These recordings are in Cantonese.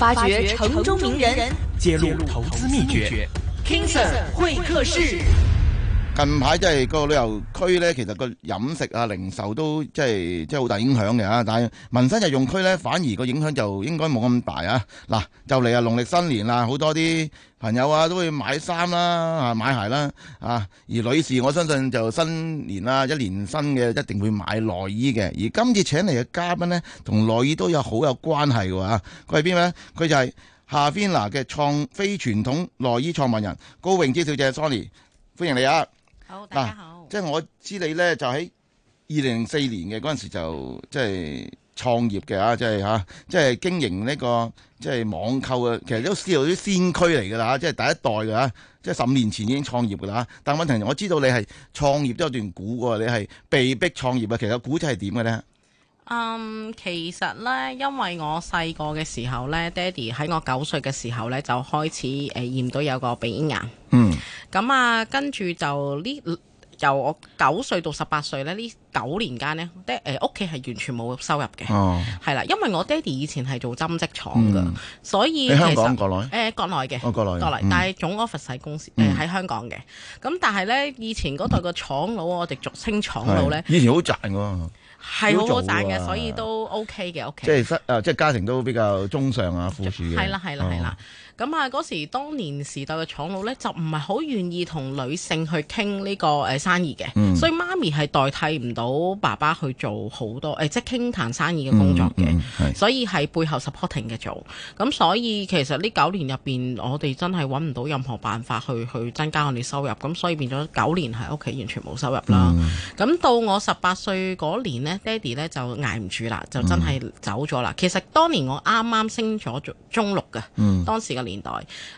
發掘城中名人，揭露投資秘訣。King Sir 會客室。近排即係個旅遊區咧，其實個飲食啊、零售都即係即係好大影響嘅啊！但係民生日用區咧，反而個影響就應該冇咁大啊！嗱、啊，就嚟啊，農曆新年啦，好多啲朋友啊都會買衫啦、啊、啊買鞋啦啊，啊！而女士，我相信就新年啦，一年新嘅一定會買內衣嘅。而今次請嚟嘅嘉賓咧，同內衣都有好有關係嘅話，佢係邊位咧？佢就係夏菲娜嘅創非傳統內衣創辦人高穎芝小姐 Sony，歡迎你啊！好，大家好。即係我知你咧，就喺二零零四年嘅嗰陣時就即係創業嘅啊，即係吓，即、就、係、是就是啊就是啊就是、經營呢、這個即係、就是、網購嘅，其實都算做啲先驅嚟噶啦，即、就、係、是、第一代噶吓、啊，即係十五年前已經創業噶啦、啊。但係問題，我知道你係創業都有段古、啊，你係被逼創業啊。其實古仔係點嘅咧？嗯，其實咧，因為我細個嘅時候咧，爹哋喺我九歲嘅時候咧就開始誒驗到有個鼻咽癌。嗯。咁啊，跟住就呢，由我九歲到十八歲咧呢九年間咧，爹誒屋企係完全冇收入嘅。哦。係啦，因為我爹哋以前係做針織廠噶，所以喺香港、國內誒國內嘅，國內國內，但係總 office 公司誒喺香港嘅。咁但係咧，以前嗰代個廠佬，我哋俗稱廠佬咧，以前好賺噶。係好好賺嘅，所以都 OK 嘅，OK。即係室、呃、即係家庭都比較中上啊，富庶嘅。係啦，係啦、啊，係啦、啊。哦。咁啊，嗰時當年時代嘅廠老咧就唔係好願意同女性去傾呢個誒生意嘅，嗯、所以媽咪係代替唔到爸爸去做好多誒、哎、即係傾談生意嘅工作嘅，嗯嗯、所以喺背後 supporting 嘅做。咁所以其實呢九年入邊我哋真係揾唔到任何辦法去去增加我哋收入，咁所以變咗九年喺屋企完全冇收入啦。咁、嗯、到我十八歲嗰年咧，爹哋咧就挨唔住啦，就真係走咗啦。嗯、其實當年我啱啱升咗中六嘅，嗯、當時嘅年年代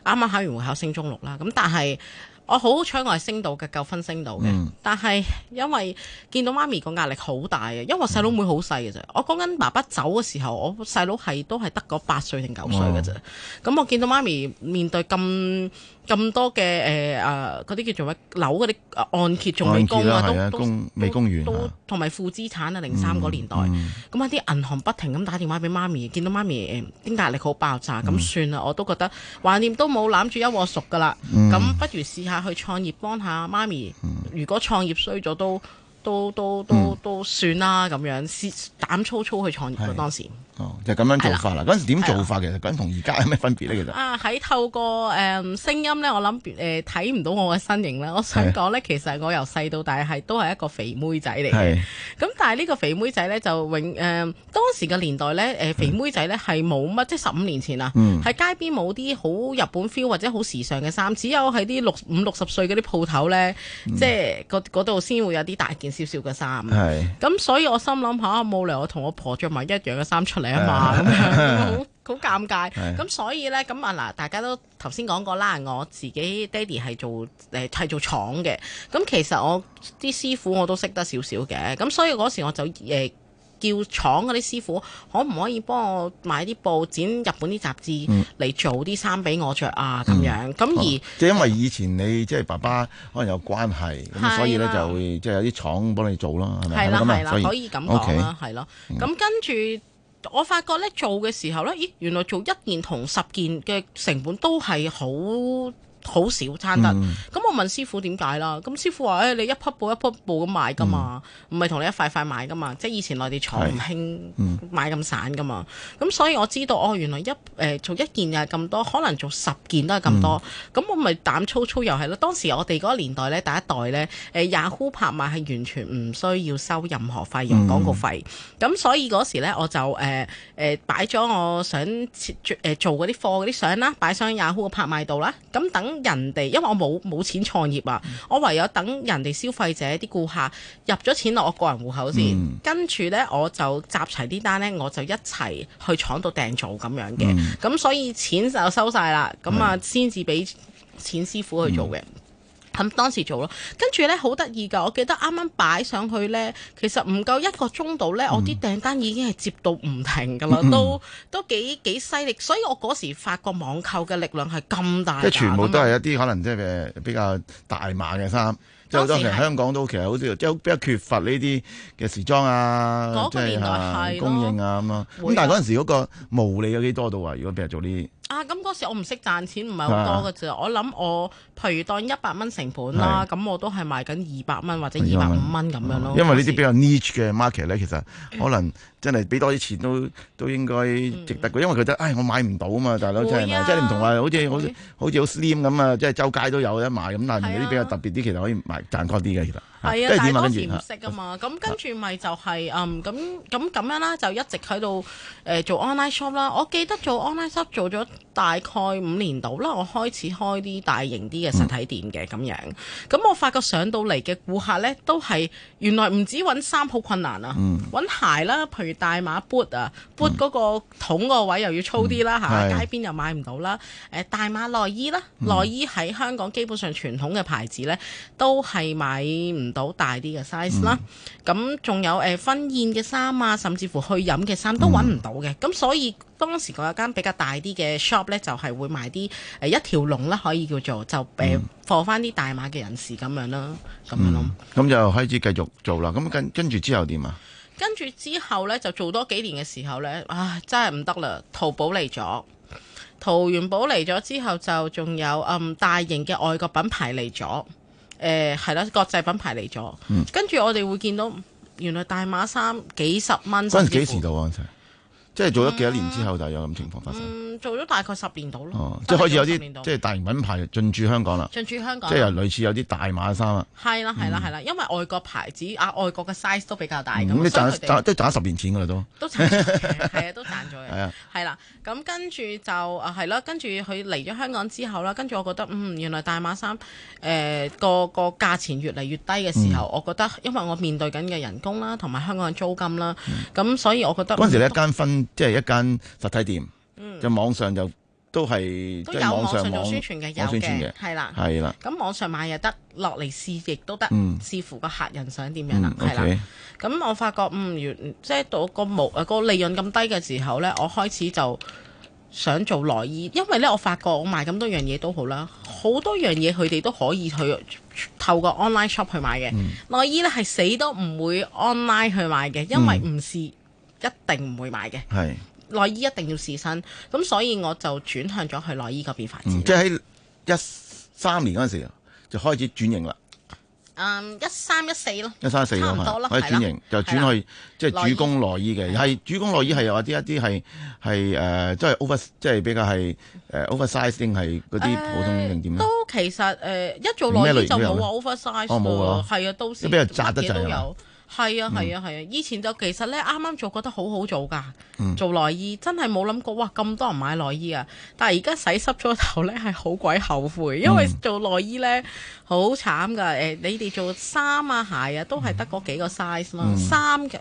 啱啱考完會考升中六啦，咁但係我好彩我係升到嘅，夠分升到嘅。嗯、但係因為見到媽咪個壓力好大嘅，因為我細佬妹好細嘅啫。嗯、我講緊爸爸走嘅時候，我細佬係都係得個八歲定九歲嘅啫。咁、哦嗯、我見到媽咪面對咁。咁多嘅誒、呃、啊，嗰啲叫做乜樓嗰啲按揭仲未供啊，都未供完，都同埋負資產啊，零三嗰年代，咁啊啲銀行不停咁打電話俾媽咪，見到媽咪啲壓力好爆炸，咁、嗯、算啦，我都覺得懷念都冇攬住一鑊熟噶啦，咁、嗯、不如試下去創業幫下媽咪，嗯嗯、如果創業衰咗都。都都都都算啦咁樣，膽粗粗去創業嘅當時。哦，就咁樣做法啦。嗰陣時點做法其實，嗰陣同而家有咩分別呢？其實啊，喺透過誒聲音咧，我諗誒睇唔到我嘅身形啦。我想講咧，其實我由細到大係都係一個肥妹仔嚟嘅。咁但係呢個肥妹仔咧就永誒當時嘅年代咧誒肥妹仔咧係冇乜，即係十五年前啊，喺街邊冇啲好日本 feel 或者好時尚嘅衫，只有喺啲六五六十歲嗰啲鋪頭咧，即係嗰度先會有啲大件。少少嘅衫，咁是、嗯、所以我心諗下，冇、啊、嚟我同我婆着埋一樣嘅衫出嚟啊嘛，咁好好尷尬。咁是、嗯、所以咧，咁啊嗱，大家都頭先講過啦，我自己爹哋係做誒係、呃、做廠嘅，咁、嗯、其實我啲師傅我都識得少少嘅，咁、嗯、所以嗰時我就誒。呃叫廠嗰啲師傅，可唔可以幫我買啲布，剪日本啲雜誌嚟、嗯、做啲衫俾我着啊？咁樣咁、嗯、而即係、啊、因為以前你即係爸爸可能有關係，咁、啊、所以咧就會即係有啲廠幫你做咯，係咪？係啦係啦，啊、可以咁講啦，係咯 okay,、啊。咁、啊、跟住我發覺咧，做嘅時候咧，咦，原來做一件同十件嘅成本都係好好少差得，咁、嗯、我問師傅點解啦？咁師傅話：誒、欸、你一匹布一匹布咁買噶嘛，唔係同你一塊塊買噶嘛，即係以前內地廠唔興買咁散噶嘛。咁、嗯、所以我知道，哦，原來一誒、呃、做一件又係咁多，可能做十件都係咁多。咁、嗯、我咪膽粗粗又係咯。當時我哋嗰個年代咧，第一代咧，誒、呃、Yahoo 拍賣係完全唔需要收任何費用、嗯嗯、廣告費。咁所以嗰時咧，我就誒誒、呃呃、擺咗我想誒做嗰啲貨嗰啲相啦，擺上 Yahoo 嘅拍賣度啦。咁等。人哋，因為我冇冇錢創業啊，嗯、我唯有等人哋消費者啲顧客入咗錢落我個人戶口先，跟住呢，我就集齊啲單呢，我就一齊去廠度訂造咁樣嘅，咁、嗯、所以錢就收晒啦，咁啊先至俾錢師傅去做嘅。嗯嗯咁當時做咯，跟住咧好得意㗎，我記得啱啱擺上去咧，其實唔夠一個鐘度咧，嗯、我啲訂單已經係接到唔停㗎啦、嗯，都都幾幾犀利，所以我嗰時發覺網購嘅力量係咁大，大。即係全部都係一啲可能即係比較大碼嘅衫，即係好多時香港都其實好似即係比較缺乏呢啲嘅時裝啊，即係、啊、嘅供應啊咁樣。咁、啊、但係嗰陣時嗰個毛利有幾多到啊？如果俾人做呢？啊！咁嗰時我唔識賺錢，唔係好多嘅啫。我諗我譬如當一百蚊成本啦，咁、啊、我都係賣緊二百蚊或者二百五蚊咁樣咯。因為呢啲比較 niche 嘅 market 咧，其實可能真係俾多啲錢都都應該值得嘅，因為覺得唉我買唔到啊嘛，大佬即係嘛，即係唔同話好似好似好似好 slim 咁啊，即係周街都有得買咁，但係啲比較特別啲，其實可以賣賺多啲嘅其實。係啊，大多唔色啊嘛，咁跟住咪就係嗯咁咁咁樣啦，就是嗯、樣就一直喺度誒做 online shop 啦。我記得做 online shop 做咗大概五年度啦，我開始開啲大型啲嘅實體店嘅咁樣。咁、嗯嗯、我發覺上到嚟嘅顧客呢，都係原來唔止揾衫好困難啊，揾鞋啦，譬如大碼 boot 啊，boot 嗰個筒個位又要粗啲啦嚇，街邊又買唔到啦。誒、呃、大碼內衣啦，內衣喺香港基本上傳統嘅牌子呢，都係買到大啲嘅 size 啦，咁仲、嗯、有誒、呃、婚宴嘅衫啊，甚至乎去飲嘅衫都揾唔到嘅，咁、嗯啊、所以當時嗰間比較大啲嘅 shop 咧，就係、是、會賣啲誒一條龍啦，可以叫做就誒貨翻啲大碼嘅人士咁樣啦，咁樣咯，咁就開始繼續做啦，咁跟跟住之後點啊？跟住之後咧就做多幾年嘅時候咧，啊真係唔得啦，淘寶嚟咗，淘完寶嚟咗之後就仲有誒、嗯、大型嘅外國品牌嚟咗。誒係啦，國際品牌嚟咗，跟住、嗯、我哋會見到原來大碼衫幾十蚊，甚至乎。即係做咗幾多年之後，就有咁情況發生。做咗大概十年度咯，即係開始有啲即係大型品牌進駐香港啦。進駐香港，即係類似有啲大碼衫啊。係啦，係啦，係啦，因為外國牌子啊，外國嘅 size 都比較大咁。咁你賺即係賺十年錢噶啦都。都係啊，都賺咗嘅。係啊，係啦，咁跟住就係咯，跟住佢嚟咗香港之後啦，跟住我覺得，嗯，原來大碼衫誒個個價錢越嚟越低嘅時候，我覺得，因為我面對緊嘅人工啦，同埋香港嘅租金啦，咁所以我覺得嗰陣時係一間分。即係一間實體店，嗯、就網上就都係都有網上，網、網上做宣傳嘅，有嘅係啦，係啦。咁網上買又得，落嚟試亦都得，視、嗯、乎個客人想點樣啦，係啦。咁我發覺，嗯，如即係到個毛、個利潤咁低嘅時候咧，我開始就想做內衣，因為咧我發覺我賣咁多樣嘢都好啦，好多樣嘢佢哋都可以去透過 online shop 去買嘅。嗯、內衣咧係死都唔會 online 去買嘅，因為唔試。嗯一定唔會買嘅，內衣一定要試身，咁所以我就轉向咗去內衣嗰邊發展。即係喺一三年嗰陣時就開始轉型啦。嗯，一三一四咯，一三四差唔多咯，可以轉型就轉去即主攻內衣嘅，係主攻內衣係有啲一啲係係誒，即係 over 即係比較係誒 oversize 定係嗰啲普通定點咧？都其實誒一做內衣就冇話 oversize 冇過，係啊，都俾人扎得滯啊。係啊係啊係啊！啊嗯、以前就其實咧，啱啱做覺得好好做㗎，嗯、做內衣真係冇諗過哇咁多人買內衣啊！但係而家洗濕咗頭咧，係好鬼後悔，因為做內衣咧好慘㗎誒、嗯欸！你哋做衫啊鞋啊，都係得嗰幾個 size 咯，三誒誒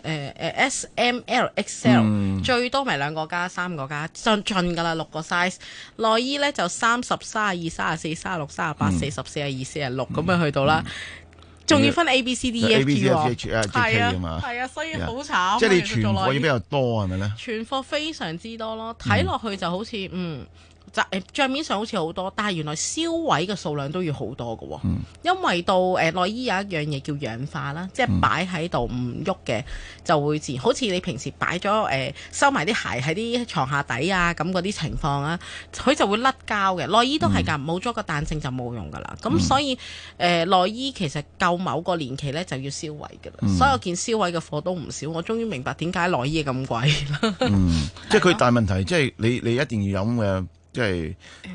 S M L XL 最多咪兩個加三個加盡盡㗎啦，六個 size 內衣咧就三十三啊二三啊四三啊六三啊八四十四啊二四啊六咁樣去到啦。嗯嗯嗯仲要分 A、B、C、D、E、F、G 啊，係啊，係啊，所以好慘。即係、啊、你存貨比較多係咪咧？存貨非常之多咯，睇落去就好似嗯。嗯就帳面上好似好多，但係原來銷毀嘅數量都要好多嘅喎、喔。嗯、因為到誒、呃、內衣有一樣嘢叫氧化啦，嗯、即係擺喺度唔喐嘅就會自，好似你平時擺咗誒收埋啲鞋喺啲床下底啊咁嗰啲情況啊，佢就會甩膠嘅。內衣都係㗎，冇咗個彈性就冇用㗎啦。咁、嗯、所以誒、呃、內衣其實夠某個年期咧就要銷毀㗎啦。嗯、所以我見銷毀嘅貨都唔少，我終於明白點解內衣咁貴啦但是 喲。即係佢大問題，即係你你一定要有嘅。即係誒，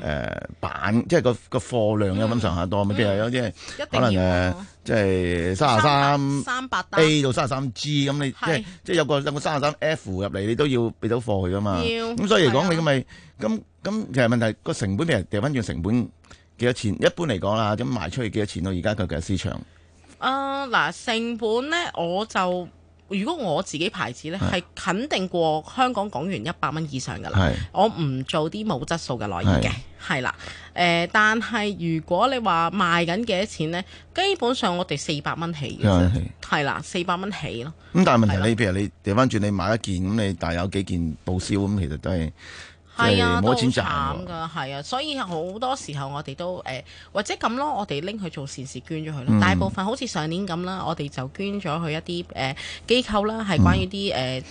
板、呃、即係個個貨量有咁上下多，咪其實有啲可能誒、呃就是，即係三十三 A 到三十三 G 咁，你即係即係有個有個三十三 F 入嚟，你都要俾到貨佢噶嘛。咁要、嗯、所以嚟講，啊、你咁咪咁咁其實問題個成本譬如，掉翻轉成本幾多錢？一般嚟講啦，咁賣出去幾多錢咯？而家佢嘅市場誒，嗱、呃、成本咧，我就。如果我自己牌子呢，係是肯定過香港港元一百蚊以上嘅啦。是我唔做啲冇質素嘅內衣嘅，係啦是。誒、呃，但係如果你話賣緊幾多錢呢，基本上我哋四百蚊起嘅，係啦，四百蚊起咯。咁、嗯、但係問題你，你譬的如你掉返轉你買一件咁，你大有幾件報銷咁，其實都係。係啊，都好慘㗎，係啊，所以好多時候我哋都誒、呃，或者咁咯，我哋拎佢做善事捐咗佢咯。嗯、大部分好似上年咁啦，我哋就捐咗去一啲誒、呃、機構啦，係關於啲誒、呃嗯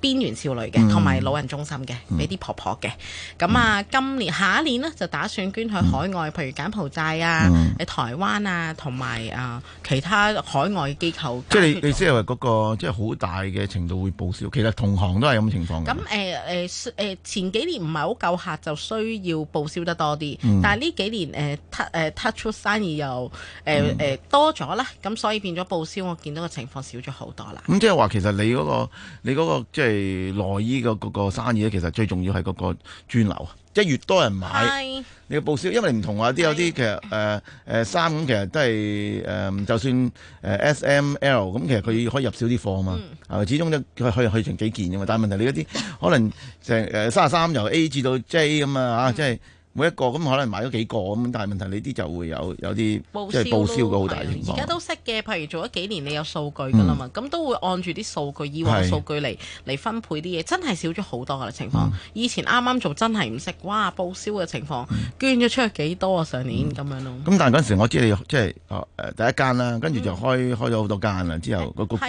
邊緣少女嘅，同埋老人中心嘅，俾啲婆婆嘅。咁啊，今年下一年呢，就打算捐去海外，譬如柬埔寨啊、台灣啊，同埋啊其他海外機構。即係你，你即係話嗰個即係好大嘅程度會報銷。其實同行都係咁情況。咁誒誒誒，前幾年唔係好夠客，就需要報銷得多啲。但係呢幾年 t o 誒，誒誒 touch up 生意又誒誒多咗啦，咁所以變咗報銷，我見到個情況少咗好多啦。咁即係話，其實你嗰個你嗰個即係。係內衣個嗰個生意咧，其實最重要係嗰個專流，啊，即係越多人買，Hi. 你報銷，因為你唔同話啲有啲其實誒誒衫咁，呃呃、其實都係誒、呃，就算誒、呃、S M L 咁，其實佢可以入少啲貨啊嘛，係、mm. 始終都佢可以去成幾件噶嘛，但係問題你嗰啲可能成誒卅三由 A 至到 J 咁啊吓，mm. 即係。每一個咁可能買咗幾個咁，但係問題你啲就會有有啲即係報銷嘅好大情況。而家都識嘅，譬如做咗幾年，你有數據噶啦嘛，咁、嗯、都會按住啲數據以往數據嚟嚟分配啲嘢，真係少咗好多嘅情況。嗯、以前啱啱做真係唔識哇，報銷嘅情況捐咗出去幾多啊上年咁、嗯、樣咯。咁、嗯、但係嗰陣時我知你即係誒、啊、第一間啦，跟住就開、嗯、開咗好多間啦，之後個個個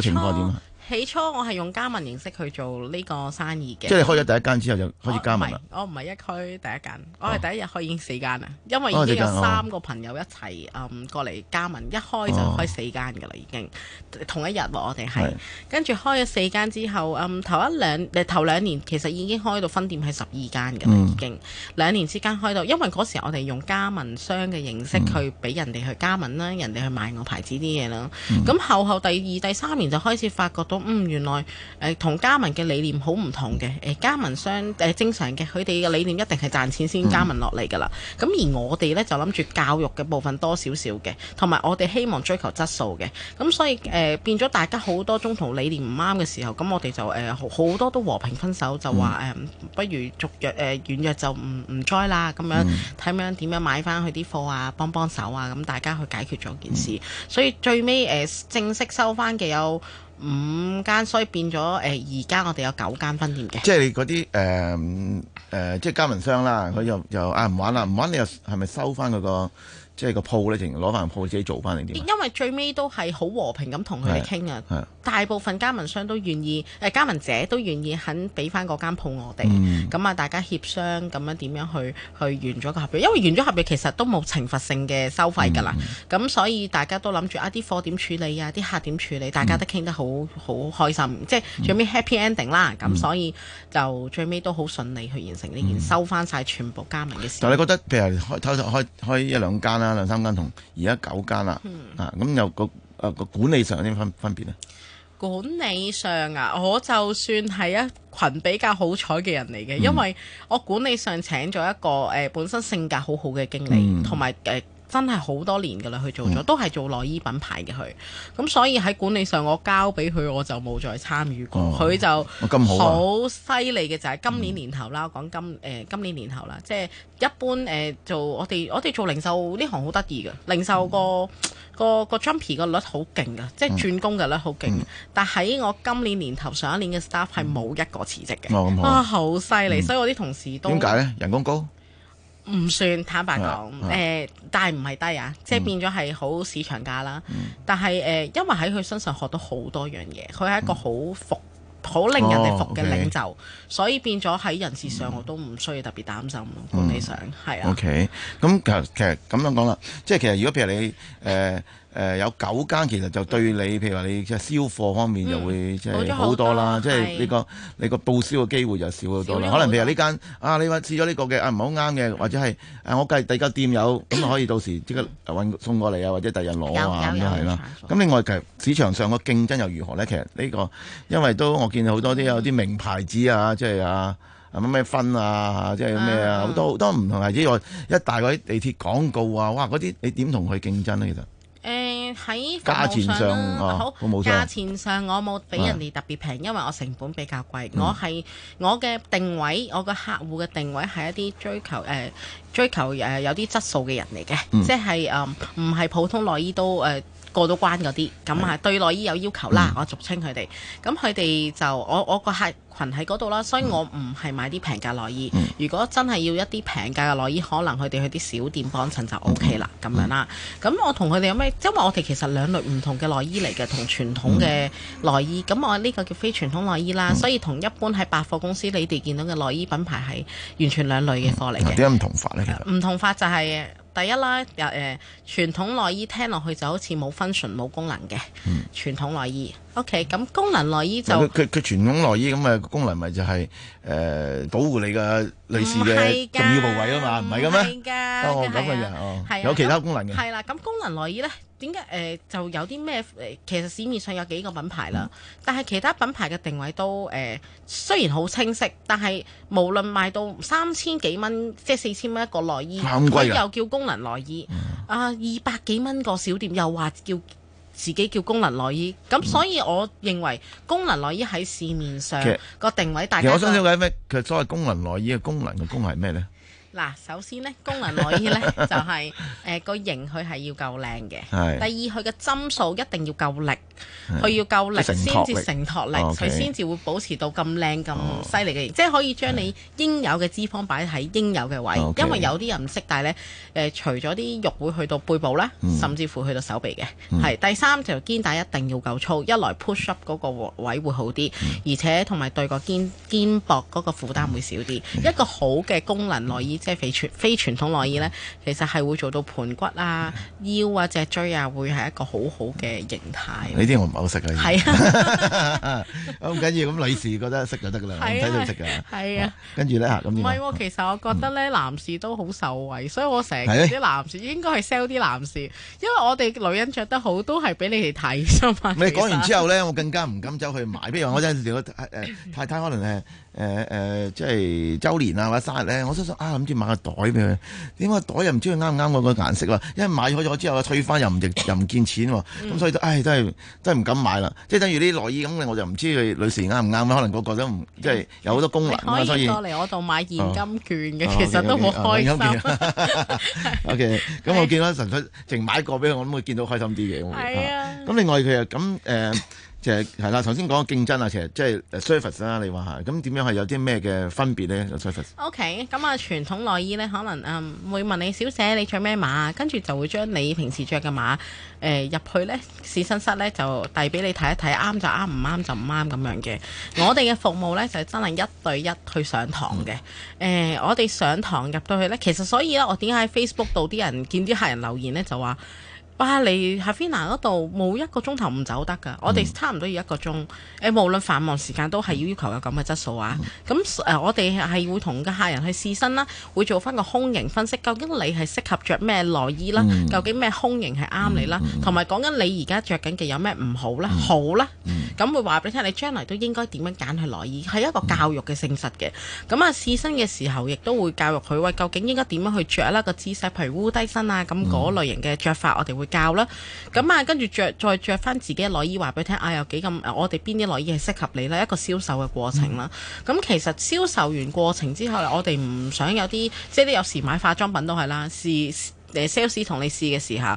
情況點啊？起初我係用加盟形式去做呢個生意嘅，即係開咗第一間之後就開始加盟啦。我唔係一開第一間，我係第一日開已經四間啦，因為已經有三個朋友一齊嗯過嚟加盟，一開就開四間嘅啦，已經同一日我哋係是跟住開咗四間之後，嗯頭一兩誒頭兩年其實已經開到分店係十二間嘅啦，嗯、已經兩年之間開到，因為嗰時我哋用加盟商嘅形式去俾人哋去加盟啦，人哋去買我牌子啲嘢啦。咁、嗯、後後第二第三年就開始發覺到。嗯，原來誒、呃、同加盟嘅理念好唔同嘅，誒加盟商誒正常嘅，佢哋嘅理念一定係賺錢先加盟落嚟㗎啦。咁、嗯、而我哋呢，就諗住教育嘅部分多少少嘅，同埋我哋希望追求質素嘅。咁所以誒、呃、變咗大家好多中途理念唔啱嘅時候，咁我哋就誒好、呃、多都和平分手就，就話誒不如續約誒、呃、軟約就唔唔再啦，咁樣睇、嗯、樣點樣買翻佢啲貨啊，幫幫手啊，咁大家去解決咗件事。嗯、所以最尾誒正式收翻嘅有五間，所以變咗誒，而家我哋有九間分店嘅。即係你嗰啲誒誒，即係加盟商啦，佢又又啊唔玩啦，唔玩你又係咪收翻嗰個？即係個鋪咧，淨攞翻鋪自己做翻定點？因為最尾都係好和平咁同佢哋傾啊，大部分加盟商都願意，誒加盟者都願意肯俾翻嗰間鋪我哋。咁啊，大家協商咁樣點樣去去完咗個合約，因為完咗合約其實都冇懲罰性嘅收費㗎啦。咁所以大家都諗住啊，啲貨點處理啊，啲客點處理，大家都傾得好好開心，即係最尾 happy ending 啦。咁所以就最尾都好順利去完成呢件收翻晒全部加盟嘅事。但你覺得譬如開偷偷開一兩間嗯、啊，兩三間同而家九間啦，啊、呃，咁又個誒個管理上有啲咩分分別咧？管理上啊，我就算係一群比較好彩嘅人嚟嘅。嗯、因為我管理上請咗一個誒、呃、本身性格好好嘅經理，同埋誒。真係好多年噶啦，佢做咗都係做內衣品牌嘅佢，咁所以喺管理上我交俾佢，我就冇再參與過。佢就好犀利嘅就係今年年頭啦，我講今誒今年年頭啦，即係一般誒做我哋我哋做零售呢行好得意嘅，零售個個個 jumpie 個率好勁嘅，即係轉工嘅率好勁。但喺我今年年頭上一年嘅 staff 係冇一個辭職嘅，啊好犀利，所以我啲同事都點解咧？人工高？唔算，坦白講，誒、啊啊呃，但係唔係低啊，嗯、即係變咗係好市場價啦。嗯、但係誒、呃，因為喺佢身上學到好多樣嘢，佢係一個好服、好、嗯、令人哋服嘅領袖，哦 okay. 所以變咗喺人事上我都唔需要特別擔心咯。理想係啊。O K，咁其實其實咁樣講啦，即係其實如果譬如你誒。呃誒有九間，其實就對你，譬如話你即係銷貨方面會就會、嗯、即係好多啦。即係呢個你個報銷嘅機會就少好多啦。多可能譬如呢間啊，你話試咗呢、呢個嘅唔好啱嘅，或者係我計第二間店有咁啊， 就可以到時即刻運送過嚟啊，或者第日攞啊咁樣係、就、啦、係。咁另外其市場上個競爭又如何呢？其實呢、呢個因為都我見好多啲有啲名牌子啊，即係啊啊乜乜分啊，即係咩啊，好、嗯、多好 多唔同啊，只又一大個地鐵廣告啊，哇！嗰啲你點同佢競爭呢？其實？喺價錢上啦，啊、好價錢上我冇俾人哋特別平。係啊、因為我成本比較貴、嗯。我係我嘅定位，我個客戶嘅定位係一啲追求誒、呃，追求誒、呃、有啲質素嘅人嚟嘅，嗯、即係誒唔係普通內衣都誒。呃過到關嗰啲，咁啊對內衣有要求啦。我俗稱佢哋，咁佢哋就我我個客群喺嗰度啦，所以我唔係買啲平價內衣。嗯、如果真係要一啲平價嘅內衣，可能佢哋去啲小店幫襯就 O K 啦，咁、嗯、樣啦。咁我同佢哋有咩？因、就、為、是、我哋其實兩類唔同嘅內衣嚟嘅，同傳統嘅內衣。咁、嗯、我呢個叫非傳統內衣啦，嗯、所以同一般喺百貨公司你哋見到嘅內衣品牌係完全兩類嘅貨嚟嘅。點解唔、嗯啊、同法呢？唔同法就係。第一啦，又、呃、誒傳統內衣聽落去就好似冇 function 冇功能嘅、嗯、傳統內衣。O K，咁功能內衣就佢佢傳統內衣咁嘅功能咪就係、是、誒、呃、保護你嘅類似嘅重要部位啊嘛，唔係噉咩？唔係㗎，咁嘅就哦，有其他功能嘅係啦。咁功能內衣咧。點解誒就有啲咩誒？其實市面上有幾個品牌啦，嗯、但係其他品牌嘅定位都誒、呃，雖然好清晰，但係無論賣到三千幾蚊，即係四千蚊一個內衣，佢又叫功能內衣、嗯、啊，二百幾蚊個小店又話叫自己叫功能內衣，咁所以我認為功能內衣喺市面上個定位，其實大家我想了解咩？佢所謂功能內衣嘅功能嘅功能係咩咧？嗱，首先咧，功能內衣咧就係誒，個型佢係要夠靚嘅，第二佢嘅針數一定要夠力，佢要夠力先至承托力，佢先至會保持到咁靚咁犀利嘅，即係可以將你應有嘅脂肪擺喺應有嘅位，因為有啲人唔肩帶咧，誒，除咗啲肉會去到背部咧，甚至乎去到手臂嘅。係第三條肩帶一定要夠粗，一來 push up 嗰個位會好啲，而且同埋對個肩肩膊嗰個負擔會少啲，一個好嘅功能內衣。即係非傳非傳統內衣咧，其實係會做到盤骨啊、腰啊、脊椎啊，會係一個好好嘅形態。呢啲我唔係好識嘅。係，咁唔緊要咁女士覺得識就得㗎啦，喺度是、啊、識㗎。係是啊，啊，跟住咧咁。唔係喎，其實我覺得咧，嗯、男士都好受惠，所以我成日啲男士應該係 sell 啲男士，因為我哋女人着得好都係俾你哋睇啫嘛。你講完之後咧，我更加唔敢走去買。譬如我陣時我誒太太可能係。誒誒、呃，即係周年啊或者生日咧，我都想啊，諗住買個袋俾佢，點解袋又唔知佢啱唔啱我個顏色喎？因為買咗咗之後退翻又唔值又唔見錢喎，咁、嗯、所以都唉，真係真係唔敢買啦。即係等於呢內衣咁我就唔知佢女士啱唔啱，可能個個都唔即係有好多功能，所以過嚟我度買現金券嘅，哦其實哦、okay, okay, 其實都好開心、哦。OK，咁、okay, 我、啊 okay, 見到純粹，淨買一個俾佢，我都會見到開心啲嘅。咁、嗯、另外佢又咁誒。其實係啦，頭先講嘅競爭啊，其實即係 service 啦，你話嚇，咁點樣係有啲咩嘅分別咧？service O.K. 咁、嗯、啊，傳統內衣咧，可能啊、嗯、會問你小姐你着咩碼？跟住就會將你平時着嘅碼誒入去咧試身室咧，就遞俾你睇一睇，啱就啱，唔啱就唔啱咁樣嘅。我哋嘅服務咧就係、真係一對一去上堂嘅。誒、嗯呃，我哋上堂入到去咧，其實所以咧，我點解喺 Facebook 度啲人見啲客人留言咧，就話。哇！你喺 Fina 嗰度冇一個鐘頭唔走得㗎，我哋差唔多要一個鐘。誒、欸，無論繁忙時間都係要要求有咁嘅質素啊。咁誒、呃，我哋係會同個客人去試身啦，會做翻個胸型分析，究竟你係適合着咩內衣啦？究竟咩胸型係啱你啦？同埋講緊你而家着緊嘅有咩唔好咧？好啦，咁會話俾你聽，你將來都應該點樣揀去內衣，係一個教育嘅性質嘅。咁啊，試身嘅時候亦都會教育佢喂，究竟應該點樣去着啦？個姿勢，譬如烏低身啊，咁嗰類型嘅着法，我哋會。教啦，咁啊，跟住着再着翻自己嘅內衣，話俾你聽，啊有幾咁，啊，我哋邊啲內衣係適合你啦，一個銷售嘅過程啦，咁、嗯、其實銷售完過程之後，嗯、我哋唔想有啲，即係你有時買化妝品都係啦，試誒 sales 同你試嘅時候，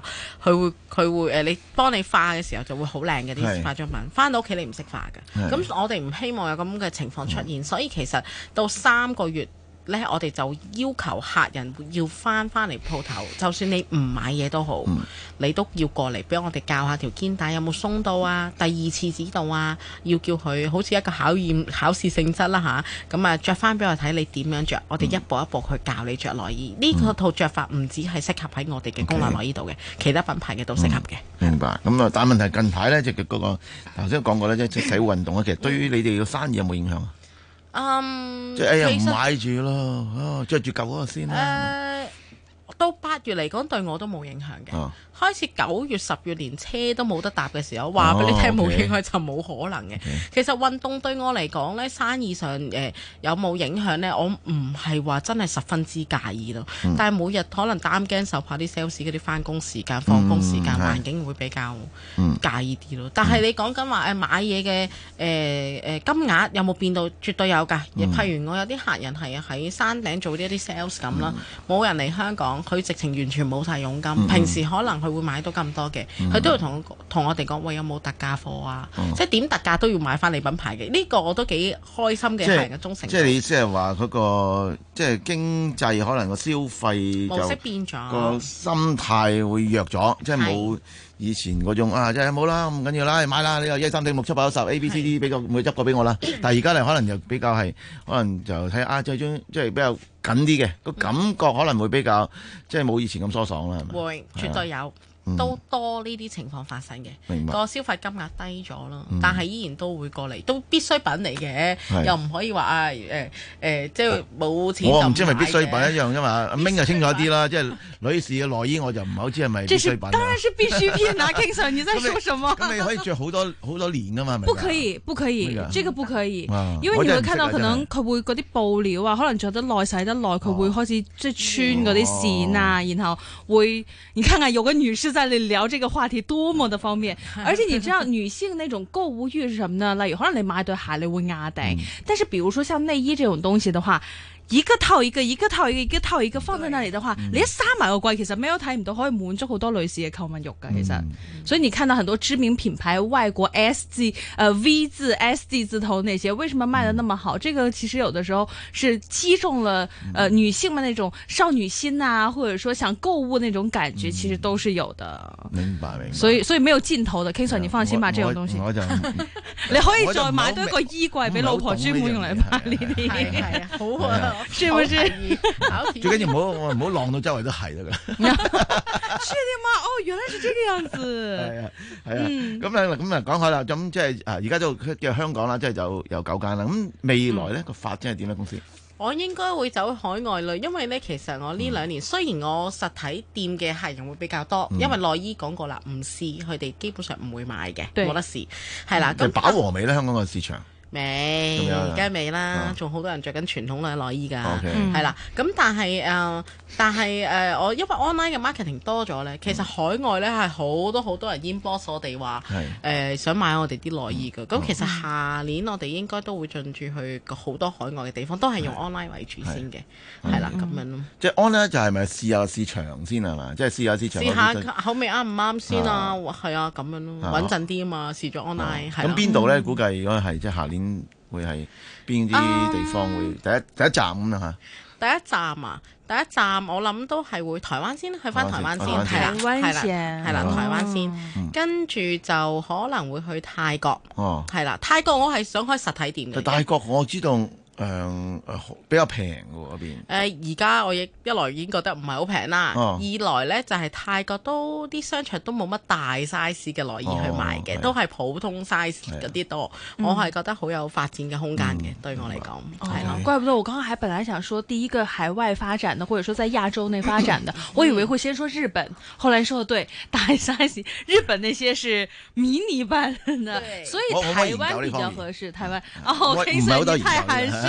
佢會佢會誒、啊、你幫你化嘅時候就會好靚嘅啲化妝品，翻到屋企你唔識化嘅，咁是我哋唔希望有咁嘅情況出現，嗯、所以其實到三個月。咧，我哋就要求客人要翻翻嚟鋪頭，就算你唔買嘢都好，嗯、你都要過嚟，俾我哋教下條肩帶有冇鬆到啊，第二次指導啊，要叫佢好似一個考驗考試性質啦吓，咁啊，着翻俾我睇你點樣着。我哋一步一步去教你着內衣。呢、嗯、個套着法唔只係適合喺我哋嘅功能內衣度嘅，Okay. 其他品牌嘅都適合嘅、嗯。明白。咁啊，但問題近排呢，即係嗰個頭先講過呢，即係體育運動啊， 其實對於你哋嘅生意有冇影響啊？嗯，即係哎呀，唔買住咯，哦、啊，着住舊嗰個先啦、啊。Uh 到八月嚟講，對我都冇影響嘅。Oh. 開始九月、十月連車都冇得搭嘅時候，話俾你聽冇、oh, okay. 影響就冇可能嘅。Okay. 其實運動對我嚟講呢生意上誒、呃、有冇影響呢？我唔係話真係十分之介意咯。嗯、但係每日可能擔驚受怕啲 sales 嗰啲返工時間、放工時間、嗯、環境會比較、嗯、比較介意啲咯。但係你講緊話誒買嘢嘅誒誒金額有冇變到？絕對有㗎。譬、嗯、如我有啲客人係喺山頂做一啲 sales 咁啦，冇、嗯、人嚟香港。佢直情完全冇晒佣金，嗯、平時可能佢會買到咁多嘅，佢、嗯、都要同同我哋講，喂，有冇特價貨啊？哦、即係點特價都要買翻你品牌嘅，呢、呢個我都幾開心嘅客人嘅忠誠。即係即係你、意思、即係話嗰個即係經濟可能個消費模式變咗，個心態會弱咗，即係冇。以前嗰種啊，即係冇啦，唔緊要啦，買啦，你又一三丁六七八九十，A B C D 比較會執個俾我啦。但係而家嚟可能又比較係，可能就睇下啊，最終即係比較緊啲嘅，個感覺可能會比較即係冇以前咁疏爽啦，係咪？會，絕對有。都多呢啲情況發生嘅，明白，個消費金額低咗咯，但係依然都會過嚟，都必需品嚟嘅，又唔可以話啊誒誒，即係冇錢。我唔知係咪必需品一樣，吖嘛？阿明就清楚啲啦，即係女士嘅內衣，我就唔係好知係咪必需品。當然係必需品啊！King Sir 你在說什麼？咁你可以着好多好多年㗎嘛，係咪？不可以，不可以，這個不可以，因為你會看到可能佢會嗰啲布料啊，可能着得耐洗得耐，佢會開始即係穿嗰啲線啊，然後會而家硬肉嘅女士。聊這個話題多麼的方便，而且你知道女性那種購物欲是什麼呢？那以後讓你媽都喊你問阿呆。但是，比如說像內衣這種東西的話。一個套一個，一個套一個，一個套一個，放在那裏的話，你一塞埋個櫃，其實咩都睇唔到，可以滿足好多女士嘅購物欲噶。其實，所以你看到很多知名品牌，外國 S D，呃 V 字 S D 字頭那些，為什麼賣得那麼好？這個其實有的時候是擊中了，呃女性們那種少女心啊，或者說想購物那種感覺，其實都是有的。明白明白，所以所以沒有盡頭的，KingSir 你放心吧，這種東西。你可以再買多一個衣櫃俾老婆專門用嚟買呢啲，係啊，好啊。是不是？最緊要唔好唔好浪到周圍都係啦。確定嗎？哦，原來係呢個樣子。係啊係啊。咁咧，咁嚟講開啦。咁即係啊，而家就即係香港啦，即係就有九間啦。咁未來咧個發展係點咧？公司我應該會走海外啦，因為咧其實我呢兩年雖然我實體店嘅客人會比較多，因為內衣講過啦，唔試佢哋基本上唔會買嘅，冇得試。係啦，咁。飽和未咧？香港個市場？未，梗係未啦，仲好多人着緊傳統嘅內衣㗎，係啦。咁但係誒，但係誒，我因為 online 嘅 marketing 多咗咧，其實海外咧係好多好多人 inbox 我哋話，誒想買我哋啲內衣㗎。咁其實下年我哋應該都會進駐去好多海外嘅地方，都係用 online 為主先嘅，係啦咁樣咯。即係 online 就係咪試下市場先係嘛？即係試下市場，試下口味啱唔啱先啊？係啊，咁樣咯，穩陣啲啊嘛，試咗 online 係。咁邊度咧？估計應該係即係下年。會係邊啲地方？um, 會第一第一站咁吓，第一站啊，第一站我諗都係會台灣先，去返台灣先。係啦，係啦，係啦，台灣先，啊、跟住就可能會去泰國，係、啊、啦泰國我係想開實體店嘅。泰國我知道。誒，比較平嗰邊。而家我亦一來已經覺得唔係好平啦。二來呢，就係泰國都啲商場都冇乜大 size 嘅內衣去賣嘅，都係普通 size 嗰啲多。我係覺得好有發展嘅空間嘅，對我嚟講。係咯，怪不得我剛才還本來想說第一個海外發展嘅，或者說在亞洲內發展嘅，我以為會先說日本，後來說對大 size，日本那些是迷你版嘅，所以台灣比較合適。台灣哦，黑色泰韓式。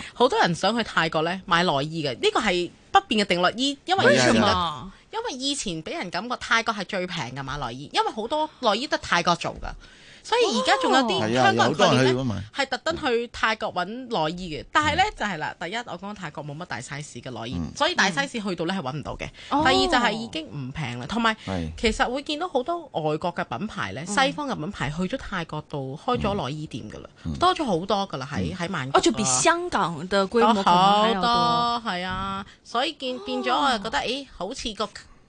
好多人想去泰國咧買內衣嘅，呢個係不變嘅定律，依因為，因為以前俾人感覺泰國係最平嘅買內衣，因為好多內衣得泰國做㗎。所以而家仲有啲香港人咧，係特登去泰國揾內衣嘅。但係呢，就係啦，第一我講泰國冇乜大 size 嘅內衣，所以大 size 去到呢係揾唔到嘅。第二就係已經唔平啦，同埋其實會見到好多外國嘅品牌呢，西方嘅品牌去咗泰國度開咗內衣店噶啦，多咗好多噶啦，喺喺曼。而且比香港嘅規模好多，係啊，所以變變咗我就覺得，哎，好似個。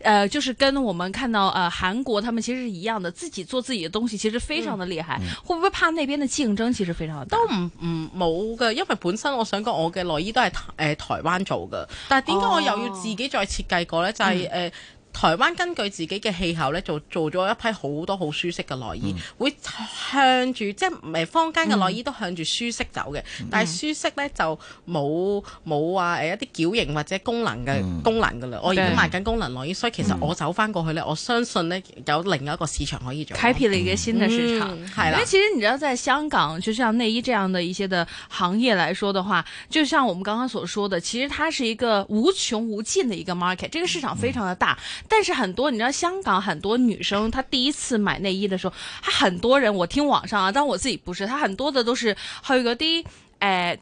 誒、呃，就是跟我們看到，誒、呃，韓國他們其實是一樣的，自己做自己的東西，其實非常的厲害。嗯嗯、會不會怕那邊的競爭？其實非常大。都唔冇嘅，因為本身我想講我嘅內衣都係誒、呃、台灣做嘅，但係點解我又要自己再設計過呢？就係、是、誒。嗯呃台灣根據自己嘅氣候咧，就做咗一批好多好舒適嘅內衣，嗯、會向住即係唔係坊間嘅內衣都向住舒適走嘅。嗯、但係舒適咧就冇冇話誒一啲矯形或者功能嘅功能㗎啦。我而家賣緊功能內衣，所以其實我走翻過去咧，我相信咧有另外一個市場可以做，嗯、開闢一個新嘅市場係、嗯、啦。因為其實你知道，在香港，就像內衣這樣的一些的行業來說的話，就像我們剛剛所說的，其實它是一個無窮無盡嘅一個 market，這個市場非常的大。嗯嗯但是很多你知道香港很多女生，她第一次買內衣的時候，佢很多人我聽網上啊，但我自己不是，她很多的都是去，去啲誒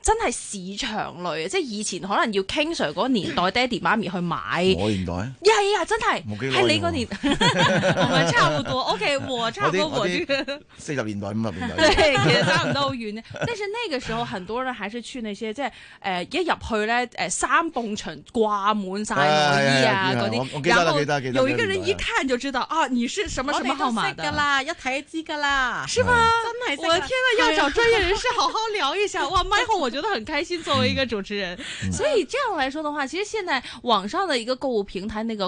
真係市場類，即係以前可能要 King Sir 嗰年代， 爹哋媽咪去買，我年代。哎呀，真係喺你嗰年，同我差唔多。O K，我差唔多我和啲四十年代、五十年代，對，其實差唔多好遠嘅。即係那個時候，很多人還是去那些即係誒一入去咧誒，三蹦牆掛滿晒，內衣啊啲。我記得，記得，有一個人一看就知道啊，你係什麼什麼號碼嘅啦，要睇知嘅啦，是吧？真係，我天啊！要找專業人士好好聊一下。哇，買後我覺得很開心，作為一個主持人。所以這樣嚟講的話，其實現在網上的一個購物平台，那個。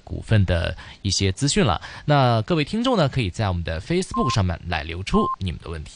股份的一些資訊了，那各位聽眾呢，可以在我們的 Facebook 上面來留出你們的問題。